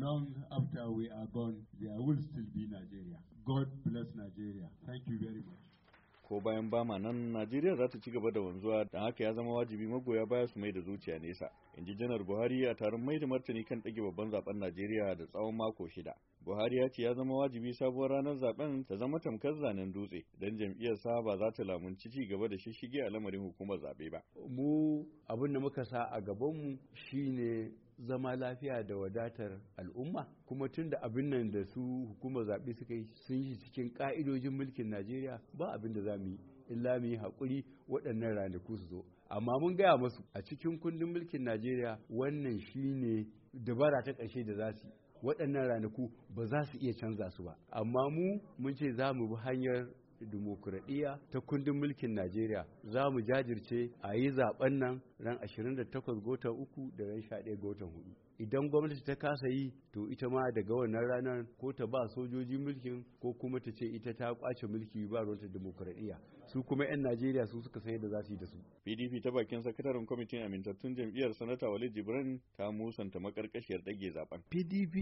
long after we are gone, there will still be Nigeria. God bless Nigeria. Thank you very much. ko bayan ba ma nan najeriya za ta ci gaba da wanzuwa da haka ya zama wajibi magoya baya su mai da zuciya nesa in ji janar buhari a taron mai da martani kan ɗage babban zaben najeriya da tsawon mako shida buhari ya ce ya zama wajibi sabuwar ranar zaben ta zama tamkar zanen dutse don jam'iyyar sa ba za ta lamunci ci gaba da shishige a lamarin hukumar zabe ba mu abin da muka sa a gaban mu shine zama lafiya da wadatar al'umma kuma tun da abin nan da su hukumar zaɓe suka yi sun yi cikin ƙa'idojin mulkin najeriya ba abin da za mu yi illa mu yi haƙuri waɗannan ranaku su zo amma mun gaya masu a cikin kundin mulkin najeriya wannan shine dabara ta ƙarshe da za su waɗannan ranaku ba za su iya canza su ba amma mu mun ce za mu bi hanyar dimokuraɗiyya ta kundin mulkin najeriya za mu jajirce a yi zaɓen nan ran 28 gotan uku da ran 11 gotan 4 idan gwamnati ta kasa yi to ita ma daga wannan ranar ko ta ba sojoji mulkin ko kuma ta ce ita ta kwace mulki ba ruwanta demokuraɗiyya su kuma 'yan najeriya su suka san yadda za su yi da su pdp ta bakin sakataren kwamitin amintattun jam'iyyar sanata wali jibran ta musanta makarkashiyar ɗage zaben pdp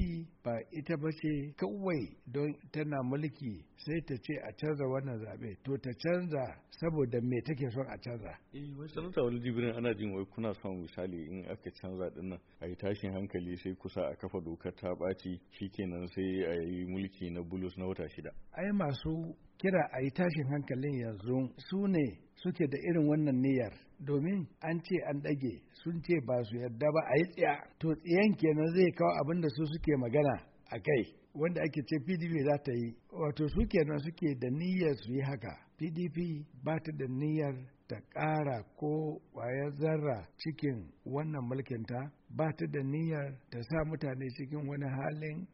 ba ita ba ce kawai don tana mulki sai ta ce a canza wannan zaɓe to ta canza saboda me take son a canza eh, sanata wali jibran ana jin jin wai kuna son misali in aka canza dinnan a yi tashin hankali sai kusa a kafa dokar ta ɓaci kenan sai a yi mulki na bulus na wata shida ai masu kira a yi tashin hankalin yanzu su ne suke da irin wannan niyyar domin an ce an ɗage sun ce ba su yarda ba a yi tsiya to tsiyan kenan zai kawo abin da su suke magana a kai wanda ake ce pdp za ta yi wato su kenan suke da niyyar su yi haka pdp ba ta da niyyar ta ƙara ko ƙwayar zarra cikin wannan mulkinta ba ta da niyyar ta sa mutane cikin wani halin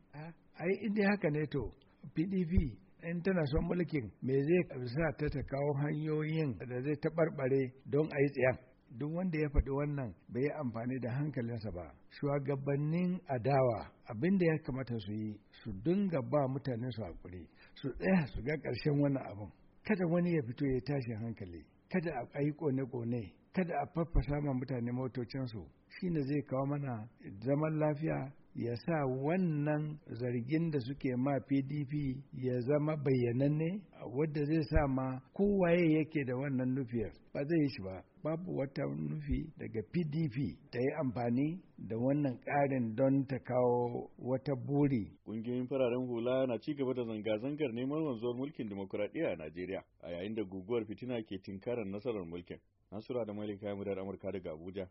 ai inda haka ne to pdp in tana son mulkin me zai sa ta ta kawo hanyoyin da zai taɓarɓare don a yi tsayan duk wanda ya faɗi wannan bai yi amfani da hankalinsa ba shugabannin adawa abin da ya kamata su yi su dinga ba mutane su haƙuri su tsaya su ga ƙarshen wannan abin kada wani ya fito ya tashi hankali kada a yi kone-kone kada a farfasa ma mutane motocinsu shine zai kawo mana zaman lafiya ya sa wannan zargin da suke ma pdp ya zama bayyananne wadda zai sa ma kowaye yake da wannan nufiyar ba zai yi shi ba babu wata nufi daga pdp ta yi amfani da wannan ƙarin don ta kawo wata buri. Ƙungiyoyin fararen hula na ci gaba da zanga-zangar neman wanzuwar mulkin demokuraɗiyya a Najeriya a yayin da guguwar fitina ke tinkarar nasarar mulkin. Nasura da Malika Yamudar Amurka daga Abuja,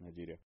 Najeriya.